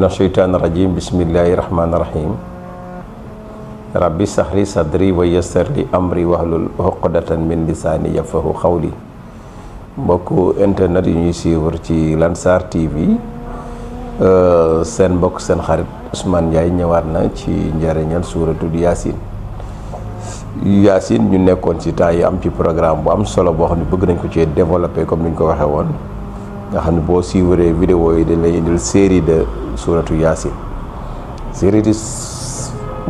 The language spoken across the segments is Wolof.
rajim Bismillahirrahmanirrahim Rabbi sahli sadri wa yassirli amri wahlul uqdatan min lisani yafahu qawli mbokku internet yi ñuy suivre ci Lansar TV euh, seen mbokk seen xarit Ousmane Ndiaye ñëwaat na ci njariñal suuratul yasin yasin ñu nekkoon ci temps am ci programme bu am solo boo xam bëgg nañ ko ci développer comme ko nga xam ne boo suivre vidéo yi dañ lay indil série de suratu yaasin série di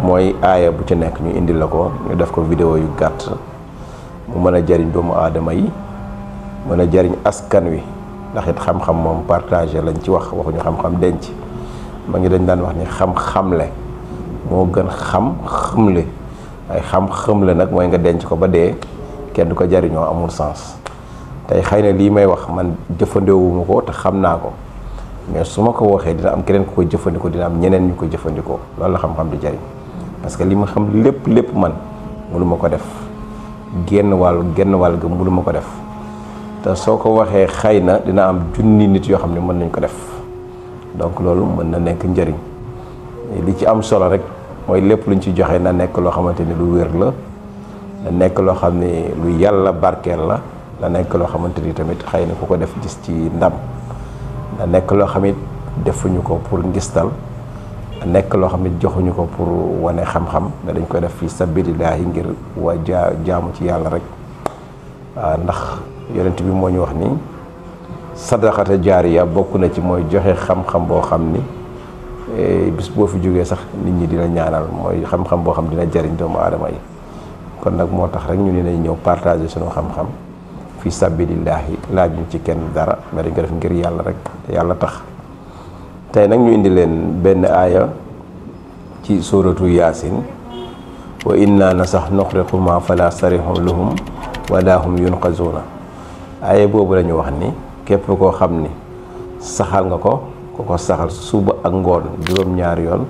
mooy aaya bu ci nekk ñu indil la ko ñu def ko vidéo yu gàtt mu mën a jariñ doomu aadama yi mën a jariñ askan wi ndax it xam-xam moom partagé lañ ci wax waxuñu xam-xam denc ma ngi dañ daan wax ni xam-xamle moo gën xam-xamle ay xam-xamle nag mooy nga denc ko ba dee kenn ko jariñoo amul sens tey xëy na lii may wax man jëfandewuma ko te xam naa ko mais su ma ko waxee dina am keneen ku ko jëfandikoo dina am ñeneen ñu ko jëfandikoo loolu la xam-xam di parce que li ma xam lépp lépp man mënuma ko def génn wàll génn wàll ga mënuma ko def te soo ko waxee xëy na dina am junni nit yoo xam ne mën nañ ko def donc loolu mën na nekk njëriñ li ci am solo rek mooy lépp luñ ci joxe na nekk loo xamante ni lu wér la na nekk loo xam ne lu yàlla barkeel la na nekk loo xamante ni tamit xëy na ku ko def gis ci ndam na nekk loo xam it defuñu ko pour ngistal nekk loo xam it joxuñu ko pour wane xam-xam ne dañ koy def fi sabilillahi ngir waa jaa jaamu ci yàlla rek ah, ndax yonent bi moo ñu wax ni sadaqata jaariya bokk na ci mooy joxe xam-xam boo xam ni e, bis boo fi jógee sax nit ñi dina ñaanal mooy xam-xam boo xam dina jariñ doomu aadama yi kon nag moo tax rek ñu ne nañ ñëw partager suñu xam-xam fi sabilillahi laajuñ ci kenn dara ma ko def ngir yàlla rek yàlla tax tey nag ñu indi leen benn aaya ci suratu yaasin wa inna na sax nuxriquma fala sarihum lahum wala hum yunqazuna aaya boobu lañu wax ni képp koo xam ni saxal nga ko ko ko saxal suba ak ngoon juróom-ñaari yoon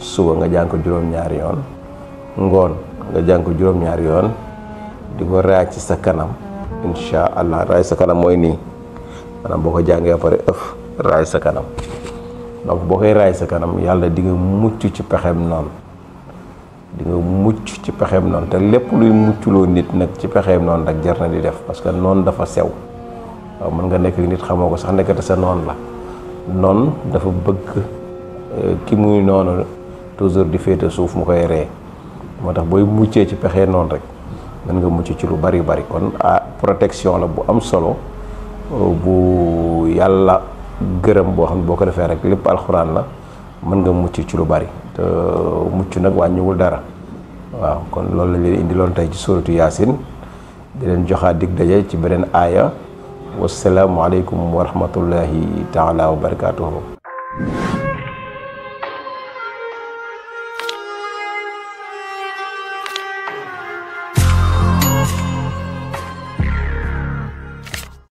suba nga jàng ko juróom-ñaari yoon ngoon nga jàng ko juróom-ñaari yoon di ko raaj ci sa kanam incha allah raay sa kanam mooy nii maanaam boo ko jàngee ba pare ëf raay sa kanam donc boo koy raay sa kanam yàlla di mucc ci pexem noonu di nga mucc ci pexem noonu te lépp luy mucculoo nit nag ci pexem noonu rek jar na di def parce que noonu dafa sew waaw mën nga nekk nit xamoo ko sax nekkati sa noonu la noon dafa bëgg euh, ki muy noonu toujours di féete suuf mu koy ree moo tax booy muccee ci pexe noonu rek. mën nga mucc ci lu bari bari kon ah, protection la bu am solo bu yàlla gërëm boo xam ne boo ko defee rek lépp alxuraan la mën nga mucc ci lu bari te mucc dara waaw kon loolu la leen indi loon tey ci suratu yasin di leen joxaa dig daje ci beneen aaya wasalaamualeykum wa rahmatullahi taala wa barakatuhu